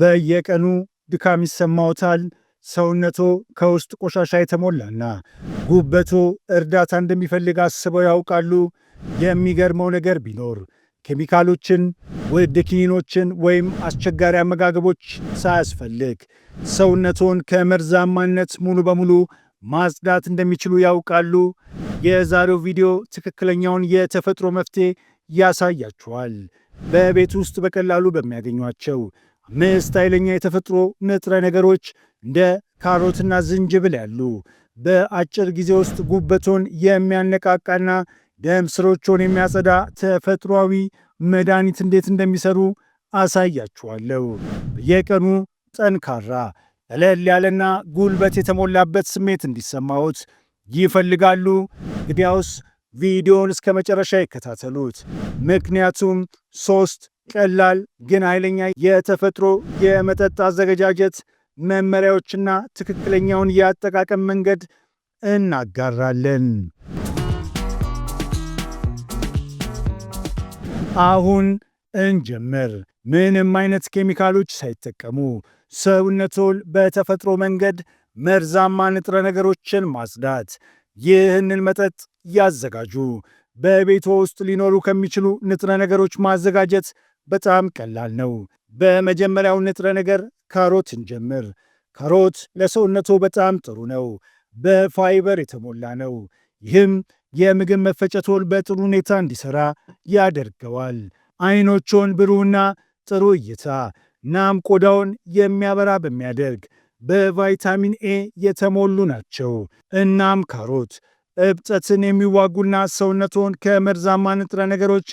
በየቀኑ ድካም ይሰማዎታል? ሰውነቶ ከውስጥ ቆሻሻ የተሞላና ጉበቶ እርዳታ እንደሚፈልግ አስበው ያውቃሉ? የሚገርመው ነገር ቢኖር ኬሚካሎችን፣ ውድ ኪኒኖችን ወይም አስቸጋሪ አመጋገቦች ሳያስፈልግ ሰውነቶን ከመርዛማነት ሙሉ በሙሉ ማጽዳት እንደሚችሉ ያውቃሉ? የዛሬው ቪዲዮ ትክክለኛውን የተፈጥሮ መፍትሄ ያሳያችኋል። በቤት ውስጥ በቀላሉ በሚያገኟቸው አምስት ኃይለኛ የተፈጥሮ ንጥረ ነገሮች እንደ ካሮትና ዝንጅብል ያሉ በአጭር ጊዜ ውስጥ ጉበቶን የሚያነቃቃና ደም ስሮችን የሚያጸዳ ተፈጥሯዊ መድኃኒት እንዴት እንደሚሰሩ አሳያችኋለሁ። በየቀኑ ጠንካራ፣ ቀለል ያለና ጉልበት የተሞላበት ስሜት እንዲሰማዎት ይፈልጋሉ? እንግዲያውስ ቪዲዮን እስከ መጨረሻ ይከታተሉት፣ ምክንያቱም ሶስት ቀላል ግን ኃይለኛ የተፈጥሮ የመጠጥ አዘገጃጀት መመሪያዎችና ትክክለኛውን የአጠቃቀም መንገድ እናጋራለን። አሁን እንጀምር። ምንም አይነት ኬሚካሎች ሳይጠቀሙ ሰውነቶን በተፈጥሮ መንገድ መርዛማ ንጥረ ነገሮችን ማጽዳት። ይህንን መጠጥ ያዘጋጁ። በቤቶ ውስጥ ሊኖሩ ከሚችሉ ንጥረ ነገሮች ማዘጋጀት በጣም ቀላል ነው። በመጀመሪያው ንጥረ ነገር ካሮት እንጀምር። ካሮት ለሰውነቱ በጣም ጥሩ ነው። በፋይበር የተሞላ ነው። ይህም የምግብ መፈጨቶን በጥሩ ሁኔታ እንዲሰራ ያደርገዋል። አይኖቹን ብሩህና ጥሩ እይታ ናም ቆዳውን የሚያበራ በሚያደርግ በቫይታሚን ኤ የተሞሉ ናቸው። እናም ካሮት እብጠትን የሚዋጉና ሰውነቶን ከመርዛማ ንጥረ ነገሮች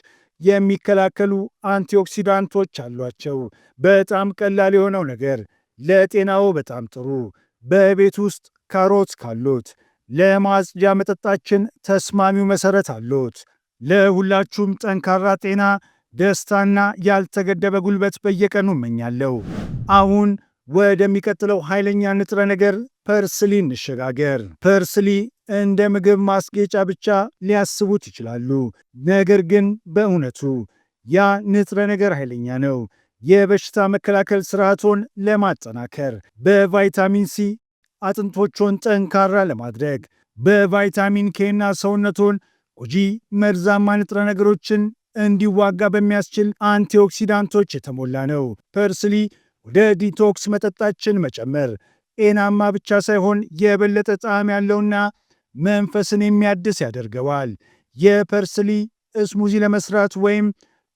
የሚከላከሉ አንቲኦክሲዳንቶች አሏቸው። በጣም ቀላል የሆነው ነገር ለጤናው በጣም ጥሩ። በቤት ውስጥ ካሮት ካሎት ለማጽጃ መጠጣችን ተስማሚው መሰረት አሎት። ለሁላችሁም ጠንካራ ጤና፣ ደስታና ያልተገደበ ጉልበት በየቀኑ እመኛለሁ። አሁን ወደሚቀጥለው ኃይለኛ ንጥረ ነገር ፐርስሊ እንሸጋገር። ፐርስሊ እንደ ምግብ ማስጌጫ ብቻ ሊያስቡት ይችላሉ። ነገር ግን በእውነቱ ያ ንጥረ ነገር ኃይለኛ ነው። የበሽታ መከላከል ስርዓቶን ለማጠናከር፣ በቫይታሚን ሲ አጥንቶቹን ጠንካራ ለማድረግ፣ በቫይታሚን ኬና ሰውነቱን ጎጂ መርዛማ ንጥረ ነገሮችን እንዲዋጋ በሚያስችል አንቲኦክሲዳንቶች የተሞላ ነው። ፐርስሊ ወደ ዲቶክስ መጠጣችን መጨመር ጤናማ ብቻ ሳይሆን የበለጠ ጣዕም ያለውና መንፈስን የሚያድስ ያደርገዋል። የፐርስሊ እስሙዚ ለመስራት ወይም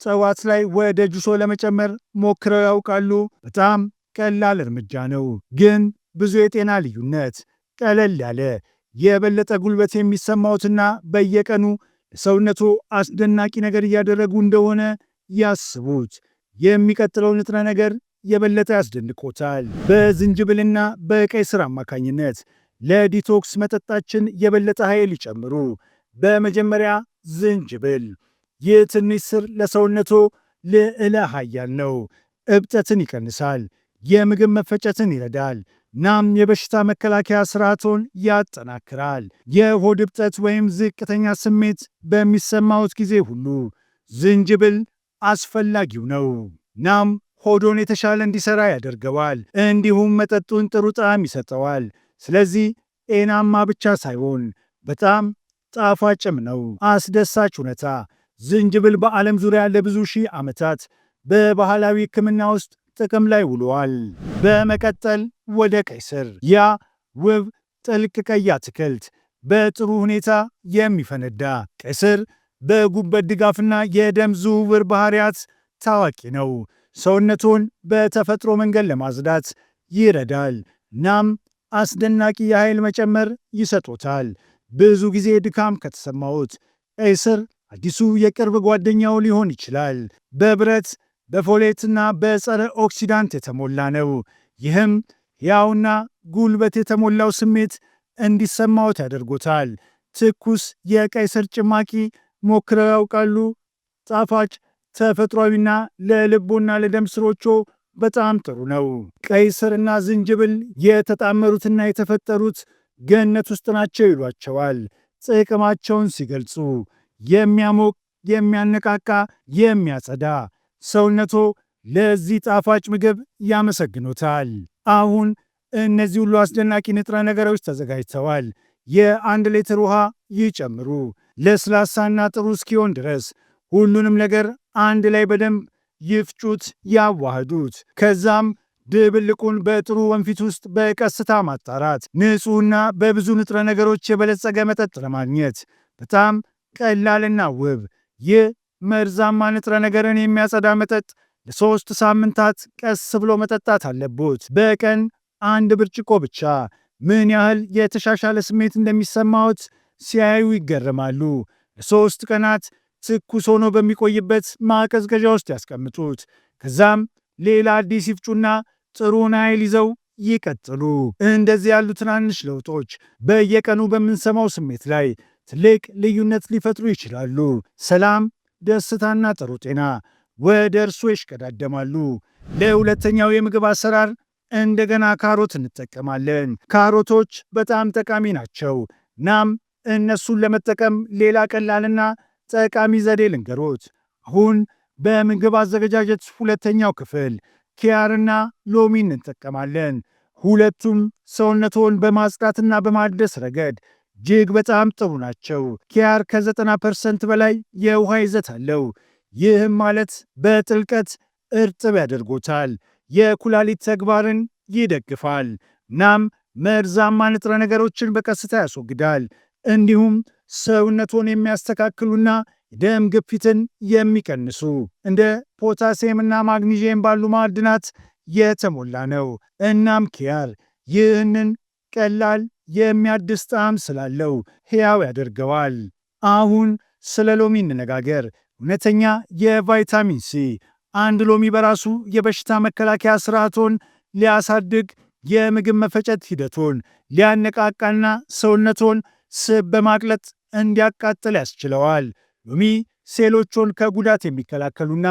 ጠዋት ላይ ወደ ጁሶ ለመጨመር ሞክረው ያውቃሉ? በጣም ቀላል እርምጃ ነው፣ ግን ብዙ የጤና ልዩነት። ቀለል ያለ የበለጠ ጉልበት የሚሰማዎትና በየቀኑ ለሰውነቱ አስደናቂ ነገር እያደረጉ እንደሆነ ያስቡት። የሚቀጥለው ንጥረ ነገር የበለጠ ያስደንቆታል። በዝንጅብልና በቀይ ስር አማካኝነት ለዲቶክስ መጠጣችን የበለጠ ኃይል ይጨምሩ። በመጀመሪያ ዝንጅብል። ይህ ትንሽ ስር ለሰውነቶ ልዕለ ኃያል ነው። እብጠትን ይቀንሳል፣ የምግብ መፈጨትን ይረዳል፣ ናም የበሽታ መከላከያ ስርዓቶን ያጠናክራል። የሆድ እብጠት ወይም ዝቅተኛ ስሜት በሚሰማዎት ጊዜ ሁሉ ዝንጅብል አስፈላጊው ነው። ናም ሆዶን የተሻለ እንዲሰራ ያደርገዋል፣ እንዲሁም መጠጡን ጥሩ ጣዕም ይሰጠዋል። ስለዚህ ጤናማ ብቻ ሳይሆን በጣም ጣፋጭም ነው። አስደሳች ሁኔታ ዝንጅብል በዓለም ዙሪያ ለብዙ ሺህ ዓመታት በባህላዊ ሕክምና ውስጥ ጥቅም ላይ ውሏል። በመቀጠል ወደ ቀይ ስር፣ ያ ውብ ጥልቅ ቀይ አትክልት በጥሩ ሁኔታ የሚፈነዳ ቀይ ስር በጉበት ድጋፍና የደም ዝውውር ባህሪያት ታዋቂ ነው። ሰውነቱን በተፈጥሮ መንገድ ለማጽዳት ይረዳል። እናም አስደናቂ የኃይል መጨመር ይሰጡታል። ብዙ ጊዜ ድካም ከተሰማዎት ቀይስር አዲሱ የቅርብ ጓደኛው ሊሆን ይችላል። በብረት በፎሌትና በጸረ ኦክሲዳንት የተሞላ ነው። ይህም ያውና ጉልበት የተሞላው ስሜት እንዲሰማዎት ያደርጎታል። ትኩስ የቀይስር ጭማቂ ሞክረው ያውቃሉ? ጣፋጭ፣ ተፈጥሯዊና ለልቦና ለደም ስሮቹ በጣም ጥሩ ነው። ቀይ ስርና ዝንጅብል የተጣመሩትና የተፈጠሩት ገነት ውስጥ ናቸው ይሏቸዋል። ጥቅማቸውን ሲገልጹ የሚያሞቅ፣ የሚያነቃቃ፣ የሚያጸዳ፣ ሰውነቶ ለዚህ ጣፋጭ ምግብ ያመሰግኖታል። አሁን እነዚህ ሁሉ አስደናቂ ንጥረ ነገሮች ተዘጋጅተዋል። የአንድ ሌትር ውሃ ይጨምሩ፣ ለስላሳና ጥሩ እስኪሆን ድረስ ሁሉንም ነገር አንድ ላይ በደንብ ይፍጩት፣ ያዋህዱት። ከዛም ድብልቁን በጥሩ ወንፊት ውስጥ በቀስታ ማጣራት፣ ንጹሕና በብዙ ንጥረ ነገሮች የበለጸገ መጠጥ ለማግኘት በጣም ቀላልና ውብ። ይህ መርዛማ ንጥረ ነገርን የሚያጸዳ መጠጥ ለሶስት ሳምንታት ቀስ ብሎ መጠጣት አለቦት። በቀን አንድ ብርጭቆ ብቻ። ምን ያህል የተሻሻለ ስሜት እንደሚሰማዎት ሲያዩ ይገረማሉ። ለሶስት ቀናት ትኩስ ሆኖ በሚቆይበት ማቀዝቀዣ ውስጥ ያስቀምጡት። ከዛም ሌላ አዲስ ይፍጩና ጥሩን ኃይል ይዘው ይቀጥሉ። እንደዚህ ያሉ ትናንሽ ለውጦች በየቀኑ በምንሰማው ስሜት ላይ ትልቅ ልዩነት ሊፈጥሩ ይችላሉ። ሰላም፣ ደስታና ጥሩ ጤና ወደ እርሱ ይሽቀዳደማሉ። ለሁለተኛው የምግብ አሰራር እንደገና ካሮት እንጠቀማለን። ካሮቶች በጣም ጠቃሚ ናቸው። ናም እነሱን ለመጠቀም ሌላ ቀላልና ጠቃሚ ዘዴ ልንገሮት። አሁን በምግብ አዘገጃጀት ሁለተኛው ክፍል ኪያርና ሎሚ እንጠቀማለን። ሁለቱም ሰውነትን በማጽዳትና በማደስ ረገድ እጅግ በጣም ጥሩ ናቸው። ኪያር ከ90 ፐርሰንት በላይ የውሃ ይዘት አለው። ይህም ማለት በጥልቀት እርጥብ ያደርጎታል፣ የኩላሊት ተግባርን ይደግፋል፣ እናም መርዛማ ንጥረ ነገሮችን በቀስታ ያስወግዳል። እንዲሁም ሰውነቶን የሚያስተካክሉና ደም ግፊትን የሚቀንሱ እንደ ፖታሲየምና ማግኒዥየም ባሉ ማዕድናት የተሞላ ነው። እናም ኪያር ይህንን ቀላል የሚያድስ ጣዕም ስላለው ሕያው ያደርገዋል። አሁን ስለ ሎሚ እንነጋገር። እውነተኛ የቫይታሚን ሲ አንድ ሎሚ በራሱ የበሽታ መከላከያ ስርዓቶን ሊያሳድግ፣ የምግብ መፈጨት ሂደቶን ሊያነቃቃና ሰውነቶን ስብ በማቅለጥ እንዲያቃጥል ያስችለዋል። ሎሚ ሴሎቹን ከጉዳት የሚከላከሉና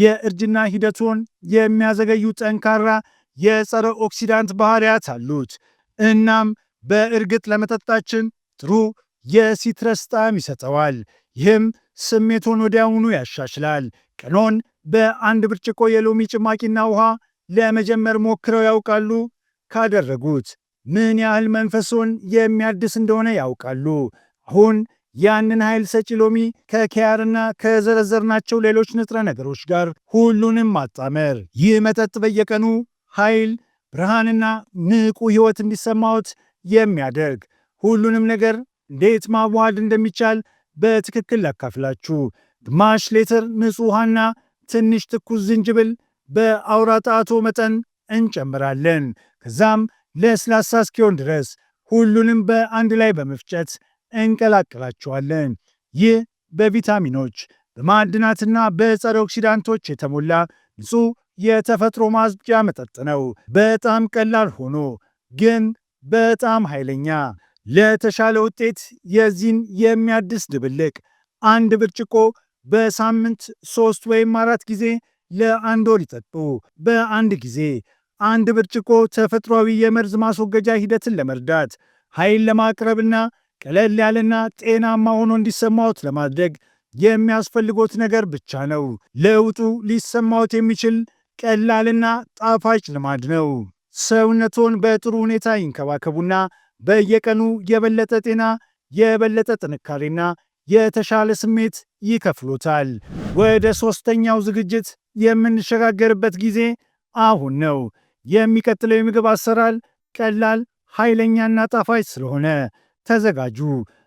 የእርጅና ሂደቱን የሚያዘገዩ ጠንካራ የጸረ ኦክሲዳንት ባህሪያት አሉት። እናም በእርግጥ ለመጠጣችን ጥሩ የሲትረስ ጣዕም ይሰጠዋል። ይህም ስሜቱን ወዲያውኑ ያሻሽላል። ቀኖን በአንድ ብርጭቆ የሎሚ ጭማቂና ውሃ ለመጀመር ሞክረው ያውቃሉ? ካደረጉት ምን ያህል መንፈሶን የሚያድስ እንደሆነ ያውቃሉ። አሁን ያንን ኃይል ሰጪ ሎሚ ከኪያርና ከዘረዘርናቸው ሌሎች ንጥረ ነገሮች ጋር ሁሉንም ማጣመር። ይህ መጠጥ በየቀኑ ኃይል፣ ብርሃንና ንቁ ሕይወት እንዲሰማዎት የሚያደርግ ሁሉንም ነገር እንዴት ማዋሃድ እንደሚቻል በትክክል ላካፍላችሁ። ግማሽ ሌትር ንጹሕ ውሃና ትንሽ ትኩስ ዝንጅብል በአውራ ጣቶ መጠን እንጨምራለን። ከዛም ለስላሳ እስኪሆን ድረስ ሁሉንም በአንድ ላይ በመፍጨት እንቀላቅላቸዋለን። ይህ በቪታሚኖች በማዕድናትና በጸረ ኦክሲዳንቶች የተሞላ ንጹህ የተፈጥሮ ማጽጃ መጠጥ ነው። በጣም ቀላል ሆኖ ግን በጣም ኃይለኛ። ለተሻለ ውጤት የዚህን የሚያድስ ድብልቅ አንድ ብርጭቆ በሳምንት ሶስት ወይም አራት ጊዜ ለአንድ ወር ይጠጡ። በአንድ ጊዜ አንድ ብርጭቆ ተፈጥሯዊ የመርዝ ማስወገጃ ሂደትን ለመርዳት ኃይል ለማቅረብና ቀለል ያለና ጤናማ ሆኖ እንዲሰማዎት ለማድረግ የሚያስፈልጎት ነገር ብቻ ነው። ለውጡ ሊሰማዎት የሚችል ቀላልና ጣፋጭ ልማድ ነው። ሰውነቶን በጥሩ ሁኔታ ይንከባከቡና በየቀኑ የበለጠ ጤና፣ የበለጠ ጥንካሬና የተሻለ ስሜት ይከፍሎታል። ወደ ሦስተኛው ዝግጅት የምንሸጋገርበት ጊዜ አሁን ነው። የሚቀጥለው የምግብ አሰራር ቀላል ኃይለኛና ጣፋጭ ስለሆነ ተዘጋጁ።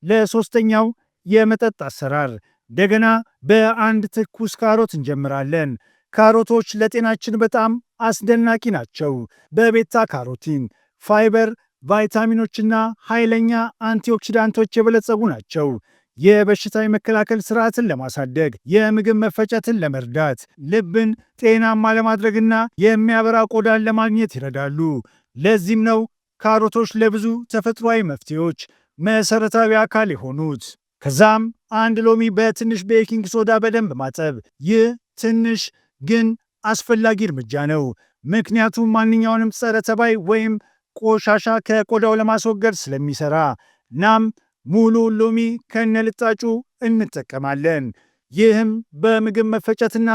ለሶስተኛው የመጠጥ አሰራር እንደገና በአንድ ትኩስ ካሮት እንጀምራለን። ካሮቶች ለጤናችን በጣም አስደናቂ ናቸው። በቤታ ካሮቲን፣ ፋይበር፣ ቫይታሚኖችና ኃይለኛ አንቲኦክሲዳንቶች የበለጸጉ ናቸው። የበሽታ የመከላከል ስርዓትን ለማሳደግ፣ የምግብ መፈጨትን ለመርዳት፣ ልብን ጤናማ ለማድረግና የሚያበራ ቆዳን ለማግኘት ይረዳሉ። ለዚህም ነው ካሮቶች ለብዙ ተፈጥሯዊ መፍትሄዎች መሰረታዊ አካል የሆኑት። ከዛም አንድ ሎሚ በትንሽ ቤኪንግ ሶዳ በደንብ ማጠብ። ይህ ትንሽ ግን አስፈላጊ እርምጃ ነው፣ ምክንያቱም ማንኛውንም ጸረ ተባይ ወይም ቆሻሻ ከቆዳው ለማስወገድ ስለሚሰራ። ናም ሙሉ ሎሚ ከነልጣጩ እንጠቀማለን። ይህም በምግብ መፈጨትና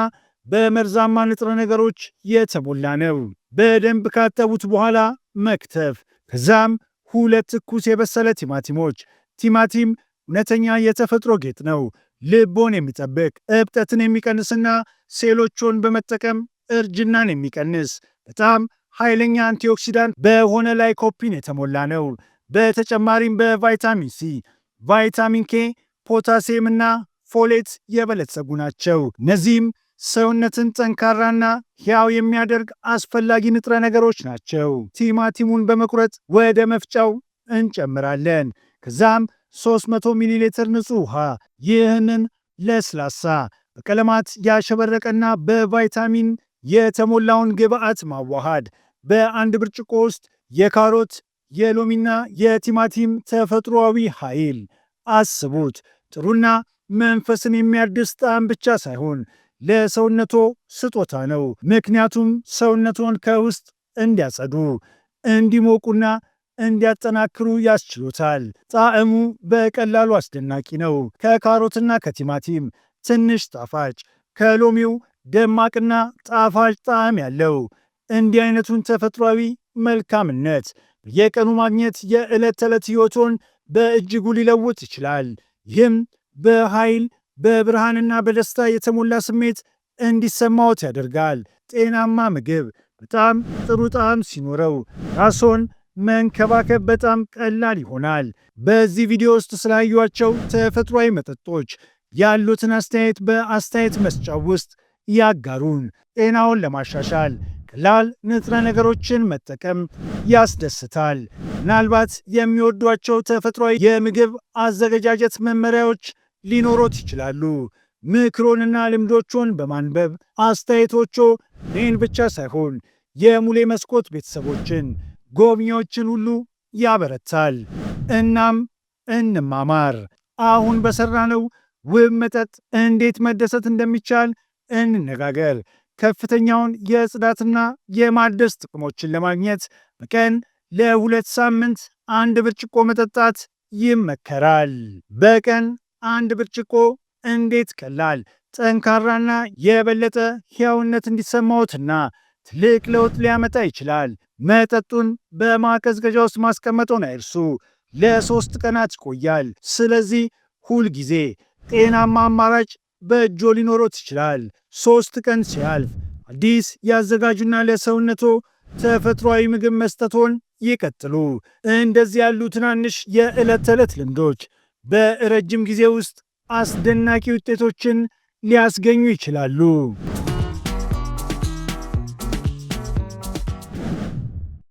በመርዛማ ንጥረ ነገሮች የተሞላ ነው። በደንብ ካጠቡት በኋላ መክተፍ፣ ከዛም ሁለት ትኩስ የበሰለ ቲማቲሞች። ቲማቲም እውነተኛ የተፈጥሮ ጌጥ ነው። ልቦን የሚጠብቅ እብጠትን የሚቀንስና ሴሎቹን በመጠቀም እርጅናን የሚቀንስ በጣም ኃይለኛ አንቲኦክሲዳንት በሆነ ላይኮፒን የተሞላ ነው። በተጨማሪም በቫይታሚን ሲ፣ ቫይታሚን ኬ፣ ፖታሲየም እና ፎሌት የበለጸጉ ናቸው። እነዚህም ሰውነትን ጠንካራና ሕያው የሚያደርግ አስፈላጊ ንጥረ ነገሮች ናቸው። ቲማቲሙን በመቁረጥ ወደ መፍጫው እንጨምራለን። ከዛም 300 ሚሊ ሊትር ንጹህ ውሃ። ይህንን ለስላሳ በቀለማት ያሸበረቀና በቫይታሚን የተሞላውን ግብዓት ማዋሃድ። በአንድ ብርጭቆ ውስጥ የካሮት የሎሚና የቲማቲም ተፈጥሯዊ ኃይል አስቡት። ጥሩና መንፈስን የሚያድስ ጣዕም ብቻ ሳይሆን ለሰውነቶ ስጦታ ነው። ምክንያቱም ሰውነቶን ከውስጥ እንዲያጸዱ፣ እንዲሞቁና እንዲያጠናክሩ ያስችሉታል። ጣዕሙ በቀላሉ አስደናቂ ነው። ከካሮትና ከቲማቲም ትንሽ ጣፋጭ፣ ከሎሚው ደማቅና ጣፋጭ ጣዕም ያለው። እንዲህ አይነቱን ተፈጥሯዊ መልካምነት በየቀኑ ማግኘት የዕለት ተዕለት ሕይወቶን በእጅጉ ሊለውጥ ይችላል። ይህም በኃይል በብርሃንና በደስታ የተሞላ ስሜት እንዲሰማዎት ያደርጋል። ጤናማ ምግብ በጣም ጥሩ ጣዕም ሲኖረው ራስዎን መንከባከብ በጣም ቀላል ይሆናል። በዚህ ቪዲዮ ውስጥ ስላዩቸው ተፈጥሯዊ መጠጦች ያሉትን አስተያየት በአስተያየት መስጫ ውስጥ ያጋሩን። ጤናውን ለማሻሻል ቀላል ንጥረ ነገሮችን መጠቀም ያስደስታል። ምናልባት የሚወዷቸው ተፈጥሯዊ የምግብ አዘገጃጀት መመሪያዎች ሊኖሮት ይችላሉ። ምክሮንና ልምዶቹን በማንበብ አስተያየቶቹ እኔን ብቻ ሳይሆን የሙሌ መስኮት ቤተሰቦችን፣ ጎብኚዎችን ሁሉ ያበረታል። እናም እንማማር። አሁን በሰራነው ውብ መጠጥ እንዴት መደሰት እንደሚቻል እንነጋገር። ከፍተኛውን የጽዳትና የማደስ ጥቅሞችን ለማግኘት በቀን ለሁለት ሳምንት አንድ ብርጭቆ መጠጣት ይመከራል። በቀን አንድ ብርጭቆ እንዴት ቀላል ጠንካራና የበለጠ ሕያውነት እንዲሰማዎትና ትልቅ ለውጥ ሊያመጣ ይችላል። መጠጡን በማቀዝቀዣ ውስጥ ማስቀመጦን አይርሱ። ለሶስት ቀናት ይቆያል። ስለዚህ ሁል ጊዜ ጤናማ አማራጭ በእጆ ሊኖሮት ይችላል። ሶስት ቀን ሲያልፍ አዲስ ያዘጋጁና ለሰውነቶ ተፈጥሯዊ ምግብ መስጠቶን ይቀጥሉ። እንደዚህ ያሉ ትናንሽ የዕለት ተዕለት ልምዶች በረጅም ጊዜ ውስጥ አስደናቂ ውጤቶችን ሊያስገኙ ይችላሉ።